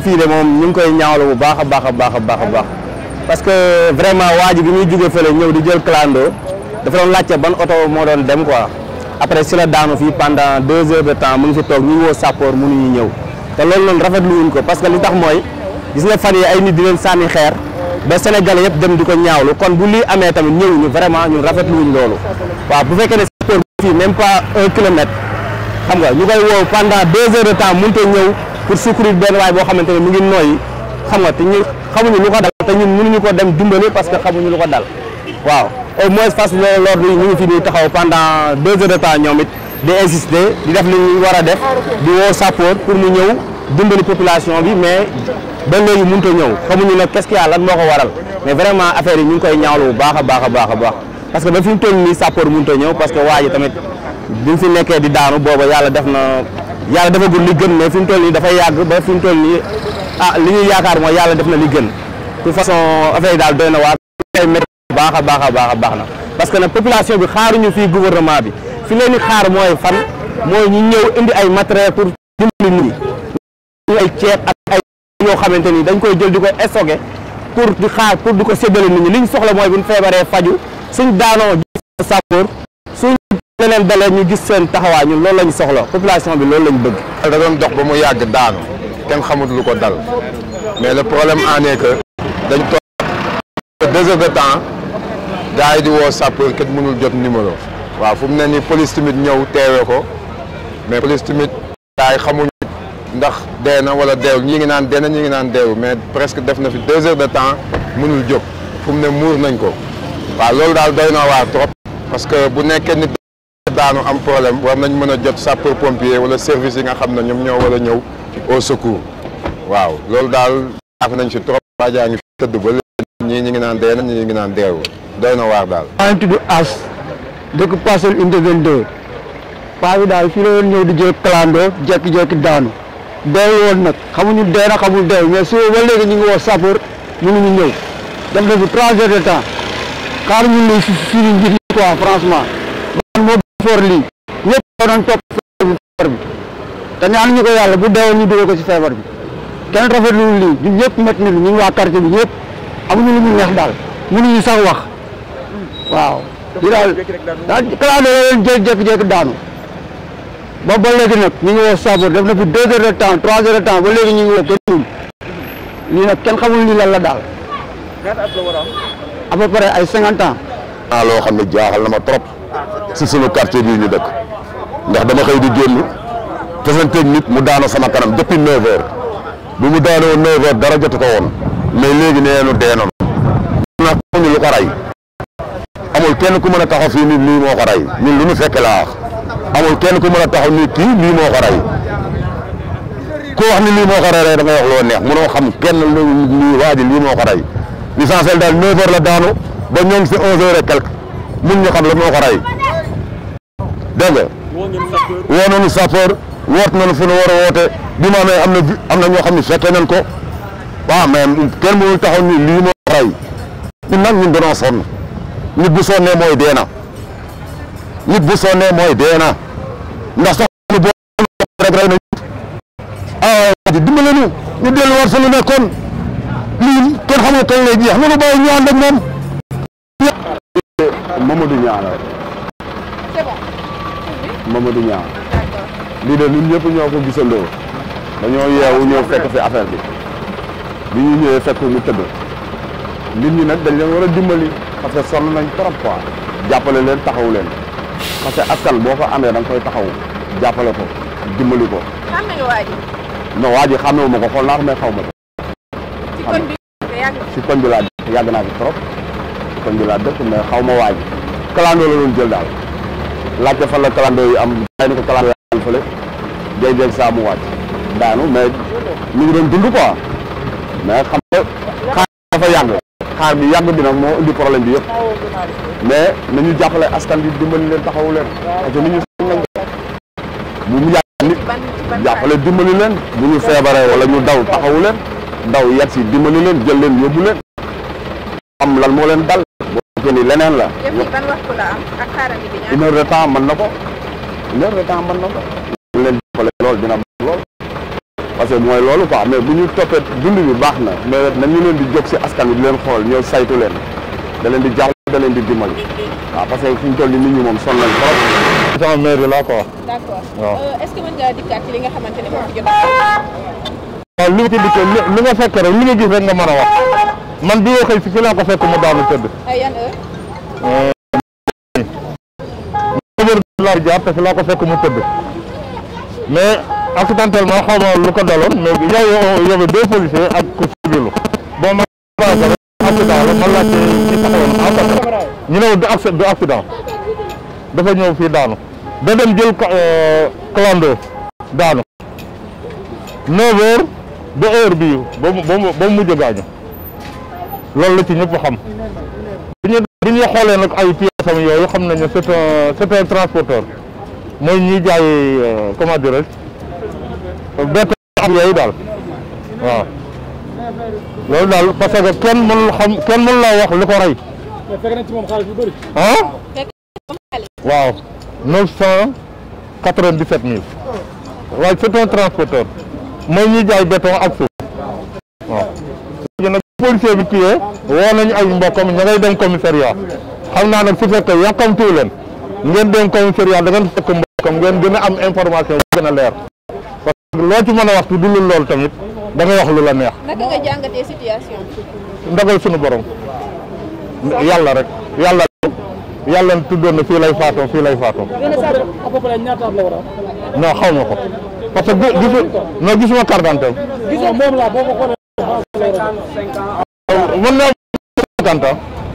fii de moom ñu ngi koy ñaawlu bu baax a baax a baax a a baax parce que vraiment waa ji bi muy jóge fële ñëw di jël clando dafa doon laajte ban oto moo doon dem quoi après si la daanu fii pendant deux heures de temps mu ngi fi toog ñu ngi woo sappoor mënuñu ñëw te loolu noonu rafetlu bu lii amee tamit ñëwuñu vraiment ñun fii même pas un kilomètre xam nga ñu koy woo pendant deux heures de temps mënut a ñëw pour secourir de mu ngi que xam nga lu dal te ñun ko dem parce que xamuñu lu ko dal waaw au moins face ngi taxaw pendant deux heures de temps ñomit di di def li def di pour mu population bi mais ba léegi ce mais vraiment affaire yi ñu koy parce que ba fi mu toll nii sapeur nous parce que nous ji tamit bi mu fi di yàlla defagul li gën mais fi mu toll nii dafay yàgg ba fi mu nii ah li ñuy yaakaar mooy yàlla def na li gën de façon affaire yi daal doy na waar ay baax a baax a baax a baax na parce que nag population bi xaaruñu fii gouvernement bi fi leen di xaar mooy fan mooy ñu ñëw indi ay matériel pour dimbali nit ñi ay ak ay yoo xamante ni dañ koy jël di koy stocké pour di xaar pour di ko séddale nit ñi liñ soxla mooy buñ feebaree faju suñ daanoo gis leen dalee ñu gis seen taxawaay ñun loolu la ñu soxla population bi loolu la ñu bëgg. da doon dox ba mu yàgg daanu kenn xamut lu ko dal mais le problème en est dañ toog deux heures de temps gars yi di woo sapeur kenn mënul jot numéro. waaw fu mu ne nii police tamit ñëw teewee ko mais police tamit gars yi xamuñu ndax dee na wala deewul ñi ngi naan dee na ñi ngi naan deewul mais presque def na fi deux heures de temps mënul jóg fu ne muur nañ ko waaw loolu daal doy na waar trop parce que bu nekkee nit daanu am problème war nañ mën a jot sapeur pompier wala service yi nga xam ne ñoom ñoo war a ñëw au secours waaw loolu daal af nañ si trop waajaa ngi tëdd ba léegi ñii ngi naan na ñii ngi naan deewu doy na waar daal maa ngi tudd As dëkk Parcelles Unité 22 bi daal fii la woon ñëw di jël clando jekki-jekki daanu deewu woon nag xamuñu dee na xamul deew mais su ba léegi ñu ngi woo sapeur mënuñu ñëw def na fi trois heures de temps xaar ñu lay si si njiit quoi franchement for lii ñëpp ko doon topp feebar bi te ñaan ko yàlla bu deewee ñu dugal ko ci feebar bi kenn rafetlu wu lii ñun ñëpp métti na ñun waa quartier bi ñëpp amuñu lu ñu neex daal mënuñu sax wax waaw. di daal daal xalaat la leen jékki-jékki daanu ba ba léegi nag ñu ngi woo Sapeur def na fi deux heures de temps trois heures de temps ba léegi ñu ngi woo kenn lii nag xamul lii lan la daal. à peu ay cinquante ans. loo xam ne jaaxal na ma trop. si sunu quartier bii ñu dëkk ndax dama xëy di génn tesanteeg nit mu daano sama kanam depuis 9 heures bi mu daanoo 9 heures dara jotu ko woon mais léegi nee nu dee noonu nag xamuñu lu ko amul kenn ku mën a taxaw fii nit lii moo ko rey laa wax amul ku mën a taxaw nit kii lii moo ko rey ku wax ni lii moo ko rey da nga wax loo neex mënoo xam kenn lu lii waa ji lii moo ko rey l'essentiel daal 9 heures la daanu ba ñoom c'est 11 heures quelque mun ñu xam la moo ko dégg wonu ni nañu sapeur woot nañu fu ñu war bi ma amee am na am na nañ ko waaw mais kenn mënul taxaw ni lii moo rey ñun nag ñun danoo sonn nit bu sonnee mooy dee na bu sonnee mooy dee ndax sax nu boo rek rey na ah waaw dimbale ñu ñu delluwaat fa lu nekkoon lii kenn xamul kañ lay jeex nanu bàyyi ñu ànd ak moom Mamadou Niang Mamadou Niang lii de ñun ñëpp ñoo ko gisandoo dañoo yeewu ñëw fekk fi affaire bi bi ñu ñëwee fekk mu tëdd nit ñi nag dañ leen war a dimbali parce que sonn nañ trop quoi jàppale leen taxaw leen parce que askan boo ko amee da nga koy taxaw jàppale ko dimbali ko. xam nga waa ji. non waa ji wu ma ko xool naa ci bi ci bi trop. koñ bi laa dëkk mais xaw ma waa la doon jël laajte fan la calendrier yu am jaay ni ko calendrier am fële jéeg-jéeg saa daanu mais ñu ngi doon dund quoi mais xam nga xaar dafa yàgg xaar bi yàgg bi nag moo indi problème bi yëpp mais nañu jàppale askan bi dimbali leen taxawu leen parce que ni ñu sonn nañ bu mu yàgg nit jàppale dimbali bu ñu feebaree wala ñu daw taxawu leen daw yegg si dimbali leen jël leen yóbbu leen am lan moo leen dal ci ni leneen la une heure de ko une heure de temps ñu parce que mooy loolu quoi mais bu ñu dund bi baax mais na ñu leen di jóg si askan bi di leen saytu leen da leen di jàll da leen di dimbali waaw parce que fu ñu nit ñi moom sonn nañ trop sama mairie laa quoi d'accord ya. eh, est-ce que mën ngaa dikkaat li nga li nga fekk rek li nga gis rek nga wax man bi ma xëy si fi laa ko fekk mu daanu tëdd. ay yan heure. laa fi laa ko fekk mu tëdd mais accidentellement xaw ma lu ko daloon mais yow yow deux policiers ak ku civilu bon man accident la ma laajte ci taxawoon en fait ñu ne du acc du accident dafa ñëw fii daanu da dem jël clando daanu neuf heures ba heure ba mu ba mu mujj gaañu loolu la ci ñëpp xam bu ñu bu ñu xoolee nag ay pièces yooyu xam transporteur mooy ñuy jaay euh, comment dire bête am waaw loolu daal parce kenn mënul xam la wax li ko rey. fekk nañ ci moom xaalis bu bëri. ah. waaw neuf cent quatre-vingt-dix-sept mille waaye c'est un transporteur mooy ñuy jaay béton ak suuf policier bi téye woo nañu ay mbokkam ña ngay dem commissariat xam naa nag su fekkee yàkkamtuwu leen ngeen dem commissariat da ngeen fekk mbokkam ngeen gën a am information bu gën a leer parce que loo ci mën a wax du loolu tamit da ngay wax lu la neex. naka nga borom yàlla rek yàlla yàlla tuddoon na fii lay faatoo fii lay faatoo. non xaw ma ko parce gisu non gisuma carte d'identité mën naa gànta